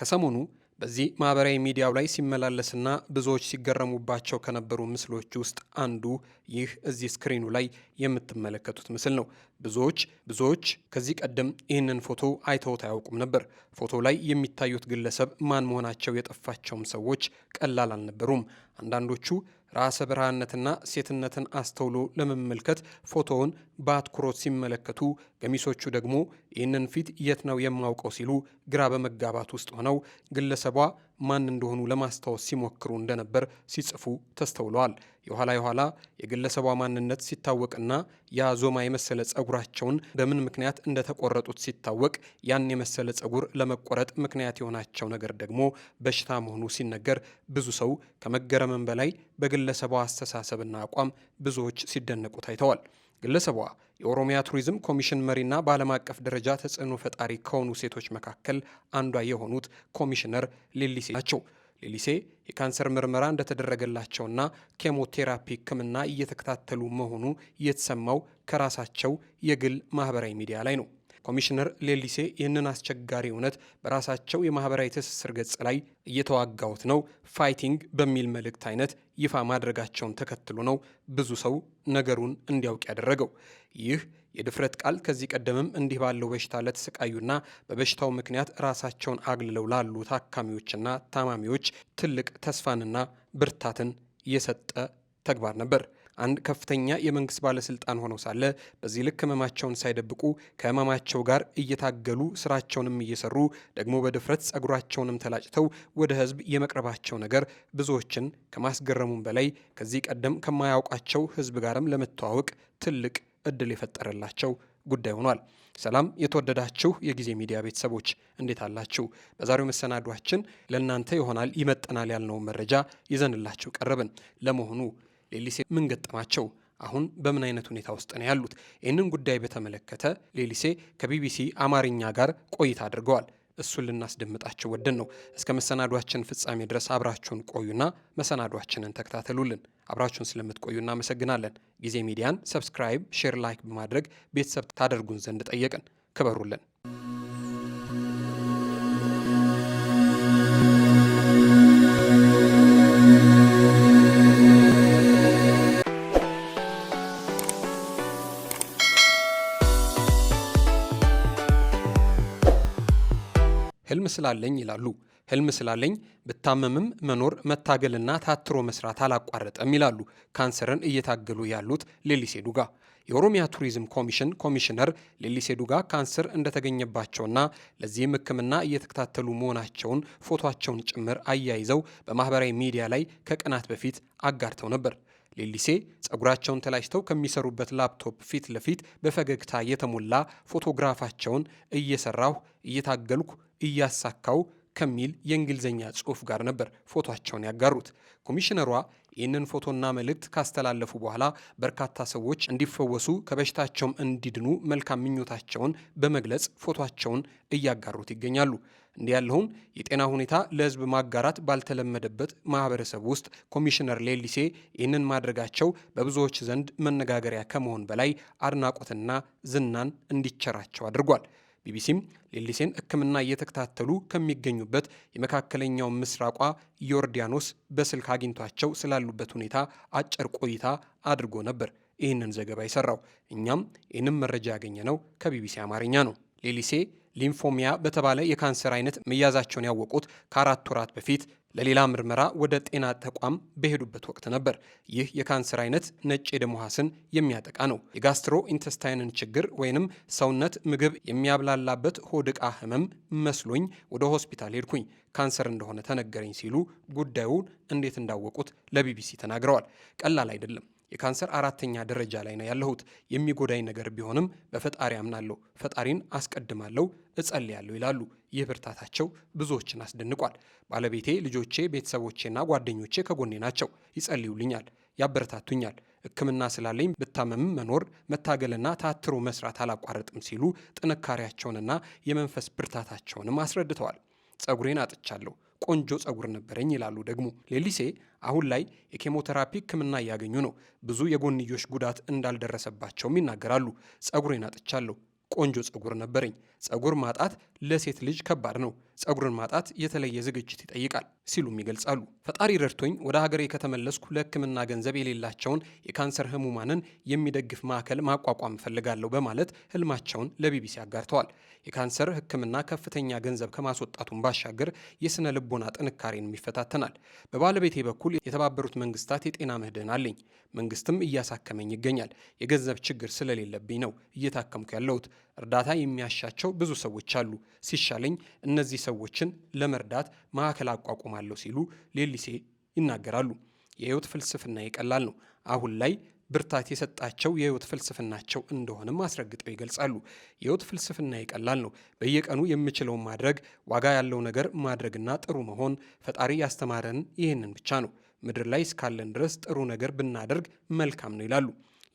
ከሰሞኑ በዚህ ማህበራዊ ሚዲያው ላይ ሲመላለስና ብዙዎች ሲገረሙባቸው ከነበሩ ምስሎች ውስጥ አንዱ ይህ እዚህ ስክሪኑ ላይ የምትመለከቱት ምስል ነው። ብዙዎች ብዙዎች ከዚህ ቀደም ይህንን ፎቶ አይተውት አያውቁም ነበር። ፎቶ ላይ የሚታዩት ግለሰብ ማን መሆናቸው የጠፋቸውም ሰዎች ቀላል አልነበሩም። አንዳንዶቹ ራሰ በርሃነትና ሴትነትን አስተውሎ ለመመልከት ፎቶውን በአትኩሮት ሲመለከቱ፣ ገሚሶቹ ደግሞ ይህንን ፊት የት ነው የማውቀው ሲሉ ግራ በመጋባት ውስጥ ሆነው ግለሰቧ ማን እንደሆኑ ለማስታወስ ሲሞክሩ እንደነበር ሲጽፉ ተስተውለዋል። የኋላ የኋላ የግለሰቧ ማንነት ሲታወቅና ዞማ የመሰለ ጸጉራቸውን በምን ምክንያት እንደተቆረጡት ሲታወቅ ያን የመሰለ ጸጉር ለመቆረጥ ምክንያት የሆናቸው ነገር ደግሞ በሽታ መሆኑ ሲነገር ብዙ ሰው ከመገረመን በላይ በግለሰቧ አስተሳሰብና አቋም ብዙዎች ሲደነቁ ታይተዋል። ግለሰቧ የኦሮሚያ ቱሪዝም ኮሚሽን መሪና በዓለም አቀፍ ደረጃ ተጽዕኖ ፈጣሪ ከሆኑ ሴቶች መካከል አንዷ የሆኑት ኮሚሽነር ሌሊሴ ናቸው። ሌሊሴ የካንሰር ምርመራ እንደተደረገላቸውና ኬሞቴራፒ ሕክምና እየተከታተሉ መሆኑ የተሰማው ከራሳቸው የግል ማህበራዊ ሚዲያ ላይ ነው። ኮሚሽነር ሌሊሴ ይህንን አስቸጋሪ እውነት በራሳቸው የማህበራዊ ትስስር ገጽ ላይ እየተዋጋሁት ነው ፋይቲንግ በሚል መልእክት አይነት ይፋ ማድረጋቸውን ተከትሎ ነው ብዙ ሰው ነገሩን እንዲያውቅ ያደረገው። ይህ የድፍረት ቃል ከዚህ ቀደምም እንዲህ ባለው በሽታ ለተሰቃዩና በበሽታው ምክንያት ራሳቸውን አግልለው ላሉ ታካሚዎችና ታማሚዎች ትልቅ ተስፋንና ብርታትን የሰጠ ተግባር ነበር። አንድ ከፍተኛ የመንግስት ባለስልጣን ሆነው ሳለ በዚህ ልክ ህመማቸውን ሳይደብቁ ከህመማቸው ጋር እየታገሉ ስራቸውንም እየሰሩ ደግሞ በድፍረት ጸጉራቸውንም ተላጭተው ወደ ህዝብ የመቅረባቸው ነገር ብዙዎችን ከማስገረሙም በላይ ከዚህ ቀደም ከማያውቋቸው ህዝብ ጋርም ለመተዋወቅ ትልቅ እድል የፈጠረላቸው ጉዳይ ሆኗል። ሰላም የተወደዳችሁ የጊዜ ሚዲያ ቤተሰቦች እንዴት አላችሁ? በዛሬው መሰናዷችን ለእናንተ ይሆናል ይመጠናል ያልነውን መረጃ ይዘንላችሁ ቀረብን። ለመሆኑ ሌሊሴ ምን ገጠማቸው? አሁን በምን አይነት ሁኔታ ውስጥ ነው ያሉት? ይህንን ጉዳይ በተመለከተ ሌሊሴ ከቢቢሲ አማርኛ ጋር ቆይታ አድርገዋል። እሱን ልናስደምጣቸው ወደን ነው። እስከ መሰናዷችን ፍጻሜ ድረስ አብራችሁን ቆዩና መሰናዷችንን ተከታተሉልን። አብራችሁን ስለምትቆዩ እናመሰግናለን። ጊዜ ሚዲያን ሰብስክራይብ፣ ሼር፣ ላይክ በማድረግ ቤተሰብ ታደርጉን ዘንድ ጠየቅን። ክበሩልን። ህልም ስላለኝ ይላሉ። ህልም ስላለኝ ብታመምም መኖር መታገልና ታትሮ መስራት አላቋረጠም ይላሉ ካንሰርን እየታገሉ ያሉት ሌሊሴ ዱጋ። የኦሮሚያ ቱሪዝም ኮሚሽን ኮሚሽነር ሌሊሴ ዱጋ ካንሰር እንደተገኘባቸውና ለዚህም ሕክምና እየተከታተሉ መሆናቸውን ፎቶቸውን ጭምር አያይዘው በማህበራዊ ሚዲያ ላይ ከቀናት በፊት አጋርተው ነበር። ሌሊሴ ጸጉራቸውን ተላጭተው ከሚሰሩበት ላፕቶፕ ፊት ለፊት በፈገግታ የተሞላ ፎቶግራፋቸውን እየሰራሁ እየታገልኩ እያሳካው ከሚል የእንግሊዝኛ ጽሑፍ ጋር ነበር ፎቶቸውን ያጋሩት። ኮሚሽነሯ ይህንን ፎቶና መልእክት ካስተላለፉ በኋላ በርካታ ሰዎች እንዲፈወሱ ከበሽታቸውም እንዲድኑ መልካም ምኞታቸውን በመግለጽ ፎቶቸውን እያጋሩት ይገኛሉ። እንዲህ ያለውን የጤና ሁኔታ ለሕዝብ ማጋራት ባልተለመደበት ማህበረሰብ ውስጥ ኮሚሽነር ሌሊሴ ይህንን ማድረጋቸው በብዙዎች ዘንድ መነጋገሪያ ከመሆን በላይ አድናቆትና ዝናን እንዲቸራቸው አድርጓል። ቢቢሲም ሌሊሴን ሕክምና እየተከታተሉ ከሚገኙበት የመካከለኛው ምስራቋ ዮርዳኖስ በስልክ አግኝቷቸው ስላሉበት ሁኔታ አጭር ቆይታ አድርጎ ነበር ይህንን ዘገባ የሰራው። እኛም ይህንም መረጃ ያገኘ ነው ከቢቢሲ አማርኛ ነው። ሌሊሴ ሊምፎሚያ በተባለ የካንሰር አይነት መያዛቸውን ያወቁት ከአራት ወራት በፊት ለሌላ ምርመራ ወደ ጤና ተቋም በሄዱበት ወቅት ነበር። ይህ የካንሰር አይነት ነጭ የደም የሚያጠቃ ነው። የጋስትሮ ኢንተስታይንን ችግር ወይንም ሰውነት ምግብ የሚያብላላበት ሆድ ዕቃ ህመም መስሎኝ ወደ ሆስፒታል ሄድኩኝ፣ ካንሰር እንደሆነ ተነገረኝ ሲሉ ጉዳዩን እንዴት እንዳወቁት ለቢቢሲ ተናግረዋል። ቀላል አይደለም። የካንሰር አራተኛ ደረጃ ላይ ነው ያለሁት። የሚጎዳኝ ነገር ቢሆንም በፈጣሪ አምናለሁ፣ ፈጣሪን አስቀድማለሁ፣ እጸልያለሁ ይላሉ። ይህ ብርታታቸው ብዙዎችን አስደንቋል። ባለቤቴ፣ ልጆቼ፣ ቤተሰቦቼና ጓደኞቼ ከጎኔ ናቸው። ይጸልዩልኛል፣ ያበረታቱኛል። ሕክምና ስላለኝ ብታመምም መኖር መታገልና ታትሮ መስራት አላቋረጥም ሲሉ ጥንካሬያቸውንና የመንፈስ ብርታታቸውንም አስረድተዋል። ጸጉሬን አጥቻለሁ ቆንጆ ጸጉር ነበረኝ ይላሉ። ደግሞ ሌሊሴ አሁን ላይ የኬሞቴራፒ ሕክምና እያገኙ ነው። ብዙ የጎንዮሽ ጉዳት እንዳልደረሰባቸውም ይናገራሉ። ጸጉሬን አጥቻለሁ። ቆንጆ ጸጉር ነበረኝ። ጸጉር ማጣት ለሴት ልጅ ከባድ ነው፣ ጸጉርን ማጣት የተለየ ዝግጅት ይጠይቃል ሲሉም ይገልጻሉ። ፈጣሪ ረድቶኝ ወደ ሀገሬ ከተመለስኩ ለሕክምና ገንዘብ የሌላቸውን የካንሰር ህሙማንን የሚደግፍ ማዕከል ማቋቋም እፈልጋለሁ በማለት ህልማቸውን ለቢቢሲ አጋርተዋል። የካንሰር ሕክምና ከፍተኛ ገንዘብ ከማስወጣቱን ባሻገር የስነ ልቦና ጥንካሬንም ይፈታተናል። በባለቤቴ በኩል የተባበሩት መንግስታት የጤና ምህድን አለኝ። መንግስትም እያሳከመኝ ይገኛል። የገንዘብ ችግር ስለሌለብኝ ነው እየታከምኩ ያለሁት። እርዳታ የሚያሻቸው ብዙ ሰዎች አሉ። ሲሻለኝ እነዚህ ሰዎችን ለመርዳት ማዕከል አቋቁማለሁ ሲሉ ሌሊሴ ይናገራሉ። የህይወት ፍልስፍና ይቀላል ነው። አሁን ላይ ብርታት የሰጣቸው የህይወት ፍልስፍናቸው እንደሆነም አስረግጠው ይገልጻሉ። የህይወት ፍልስፍና ይቀላል ነው። በየቀኑ የምችለውን ማድረግ፣ ዋጋ ያለው ነገር ማድረግና ጥሩ መሆን። ፈጣሪ ያስተማረን ይህንን ብቻ ነው። ምድር ላይ እስካለን ድረስ ጥሩ ነገር ብናደርግ መልካም ነው ይላሉ።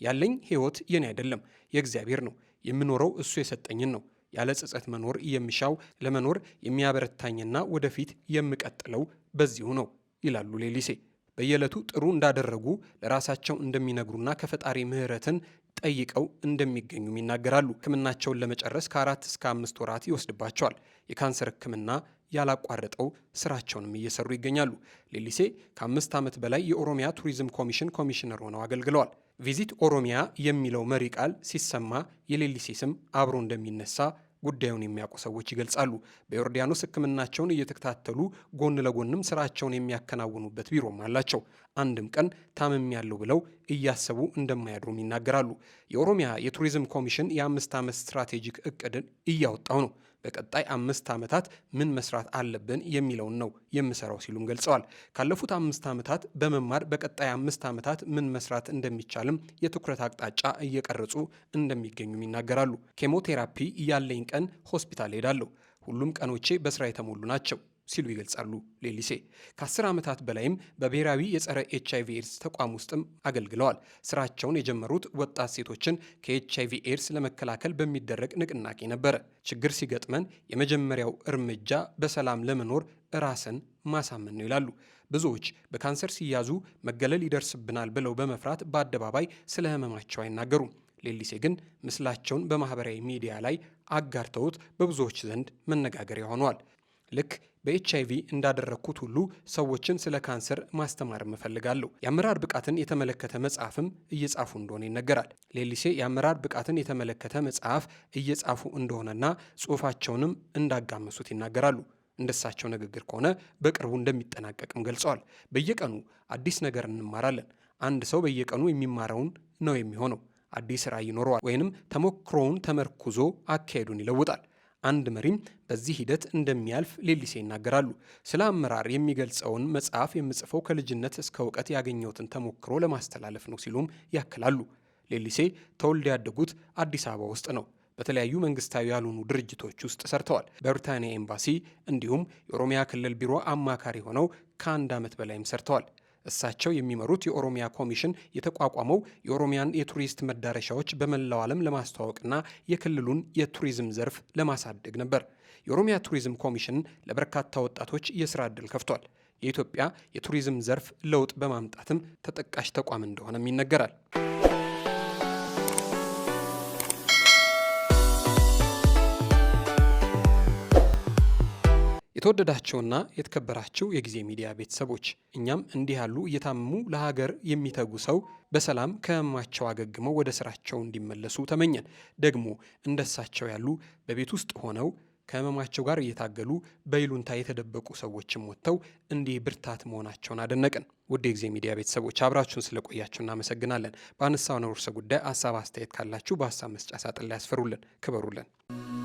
ያለኝ ህይወት የኔ አይደለም፣ የእግዚአብሔር ነው። የምኖረው እሱ የሰጠኝን ነው። ያለ ጸጸት መኖር የምሻው ለመኖር የሚያበረታኝና ወደፊት የምቀጥለው በዚሁ ነው ይላሉ ሌሊሴ። በየዕለቱ ጥሩ እንዳደረጉ ለራሳቸው እንደሚነግሩና ከፈጣሪ ምሕረትን ጠይቀው እንደሚገኙም ይናገራሉ። ሕክምናቸውን ለመጨረስ ከአራት እስከ አምስት ወራት ይወስድባቸዋል። የካንሰር ሕክምና ያላቋረጠው ስራቸውንም እየሰሩ ይገኛሉ። ሌሊሴ ከአምስት ዓመት በላይ የኦሮሚያ ቱሪዝም ኮሚሽን ኮሚሽነር ሆነው አገልግለዋል። ቪዚት ኦሮሚያ የሚለው መሪ ቃል ሲሰማ የሌሊሴ ስም አብሮ እንደሚነሳ ጉዳዩን የሚያውቁ ሰዎች ይገልጻሉ። በዮርዳኖስ ሕክምናቸውን እየተከታተሉ ጎን ለጎንም ስራቸውን የሚያከናውኑበት ቢሮም አላቸው። አንድም ቀን ታመም ያለው ብለው እያሰቡ እንደማያድሩም ይናገራሉ። የኦሮሚያ የቱሪዝም ኮሚሽን የአምስት ዓመት ስትራቴጂክ እቅድን እያወጣው ነው። በቀጣይ አምስት ዓመታት ምን መስራት አለብን የሚለውን ነው የምሰራው ሲሉም ገልጸዋል። ካለፉት አምስት ዓመታት በመማር በቀጣይ አምስት ዓመታት ምን መስራት እንደሚቻልም የትኩረት አቅጣጫ እየቀረጹ እንደሚገኙም ይናገራሉ። ኬሞቴራፒ ያለኝ ቀን ሆስፒታል ሄዳለሁ። ሁሉም ቀኖቼ በስራ የተሞሉ ናቸው። ሲሉ ይገልጻሉ ሌሊሴ። ከአስር ዓመታት በላይም በብሔራዊ የጸረ ኤች አይቪ ኤድስ ተቋም ውስጥም አገልግለዋል። ስራቸውን የጀመሩት ወጣት ሴቶችን ከኤች አይቪ ኤድስ ለመከላከል በሚደረግ ንቅናቄ ነበረ። ችግር ሲገጥመን የመጀመሪያው እርምጃ በሰላም ለመኖር ራስን ማሳመን ነው ይላሉ። ብዙዎች በካንሰር ሲያዙ መገለል ይደርስብናል ብለው በመፍራት በአደባባይ ስለ ህመማቸው አይናገሩም። ሌሊሴ ግን ምስላቸውን በማህበራዊ ሚዲያ ላይ አጋርተውት በብዙዎች ዘንድ መነጋገሪያ ሆነዋል። ልክ በኤች አይቪ እንዳደረግኩት ሁሉ ሰዎችን ስለ ካንሰር ማስተማር እፈልጋለሁ። የአመራር ብቃትን የተመለከተ መጽሐፍም እየጻፉ እንደሆነ ይነገራል። ሌሊሴ የአመራር ብቃትን የተመለከተ መጽሐፍ እየጻፉ እንደሆነና ጽሑፋቸውንም እንዳጋመሱት ይናገራሉ። እንደሳቸው ንግግር ከሆነ በቅርቡ እንደሚጠናቀቅም ገልጸዋል። በየቀኑ አዲስ ነገር እንማራለን። አንድ ሰው በየቀኑ የሚማረውን ነው የሚሆነው። አዲስ ራዕይ ይኖረዋል፣ ወይንም ተሞክሮውን ተመርኩዞ አካሄዱን ይለውጣል። አንድ መሪም በዚህ ሂደት እንደሚያልፍ ሌሊሴ ይናገራሉ። ስለ አመራር የሚገልጸውን መጽሐፍ የምጽፈው ከልጅነት እስከ እውቀት ያገኘሁትን ተሞክሮ ለማስተላለፍ ነው ሲሉም ያክላሉ። ሌሊሴ ተወልደው ያደጉት አዲስ አበባ ውስጥ ነው። በተለያዩ መንግስታዊ ያልሆኑ ድርጅቶች ውስጥ ሰርተዋል። በብሪታንያ ኤምባሲ እንዲሁም የኦሮሚያ ክልል ቢሮ አማካሪ ሆነው ከአንድ ዓመት በላይም ሰርተዋል። እሳቸው የሚመሩት የኦሮሚያ ኮሚሽን የተቋቋመው የኦሮሚያን የቱሪስት መዳረሻዎች በመላው ዓለም ለማስተዋወቅና የክልሉን የቱሪዝም ዘርፍ ለማሳደግ ነበር። የኦሮሚያ ቱሪዝም ኮሚሽን ለበርካታ ወጣቶች የስራ ዕድል ከፍቷል። የኢትዮጵያ የቱሪዝም ዘርፍ ለውጥ በማምጣትም ተጠቃሽ ተቋም እንደሆነም ይነገራል። የተወደዳቸውና የተከበራቸው የጊዜ ሚዲያ ቤተሰቦች እኛም እንዲህ ያሉ እየታመሙ ለሀገር የሚተጉ ሰው በሰላም ከህመማቸው አገግመው ወደ ስራቸው እንዲመለሱ ተመኘን። ደግሞ እንደሳቸው ያሉ በቤት ውስጥ ሆነው ከህመማቸው ጋር እየታገሉ በይሉንታ የተደበቁ ሰዎችም ወጥተው እንዲህ ብርታት መሆናቸውን አደነቅን። ውድ የጊዜ ሚዲያ ቤተሰቦች አብራችሁን ስለቆያችሁ እናመሰግናለን። በአነሳው ርዕሰ ጉዳይ ሀሳብ አስተያየት ካላችሁ በሀሳብ መስጫ ሳጥን ላይ ያስፈሩልን። ክበሩልን።